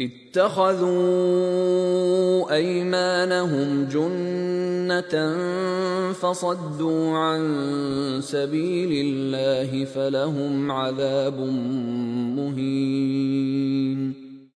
اتخذوا ايمانهم جنه فصدوا عن سبيل الله فلهم عذاب